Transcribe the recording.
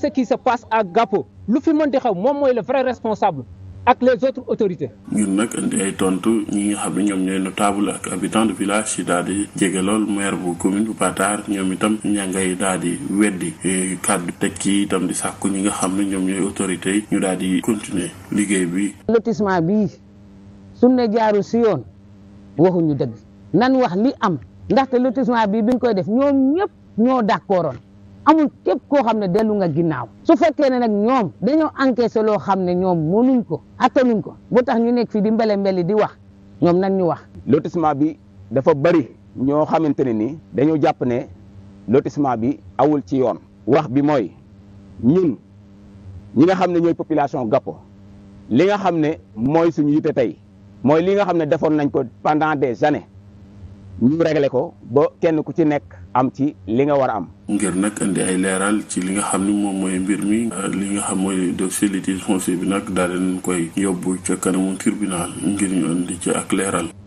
ce qui se passe ak Gappo lu fi mën di xew moom mooy le vrai responsable ak les autres autorités. ñun nag indi ay tontu ñu nga xam ne ñoom ñooy notable ak habitants de village yi daal di jege lool maire bu commune bu Patar ñoom itam ña ngay daal di weddi e, kàddu teg ci itam di sàkku ñu nga xam ne ñoom ñooy autorité yi ñu daal di continuer liggéey bi. lotissement bii suñ ne jaaru si yoon waxuñu dëgg nan wax li am ndaxte lotissement bii biñ koy def ñoom ñëpp ñoo d'accordoon amul képp koo xam ne dellu nga ginnaaw su fekkee ne nag ñoom dañoo encaissé loo xam ne ñoom mënuñ ko attanuñ ko bu tax ñu nekk fii di mbele mbeli di wax ñoom nan ñu wax. lotissement bi dafa bëri ñoo xamante ne ni dañoo jàpp ne lotissement bi awul ci yoon. wax bi mooy ñun ñi nga xam ne ñooy population Gappo li nga xam ne mooy suñu yite tey mooy li nga xam ne defoon nañ ko pendant des années. ñu réglé ko ba kenn ku ci nekk am ci li nga war a am. ngir nag indi ay leeral ci li nga xam ni moom mooy mbir mi euh, li nga xam mooy dossier litige foncier bi nag daal leen koy yóbbu ca kanamu tribunal ngir ñu indi ci ak leeral.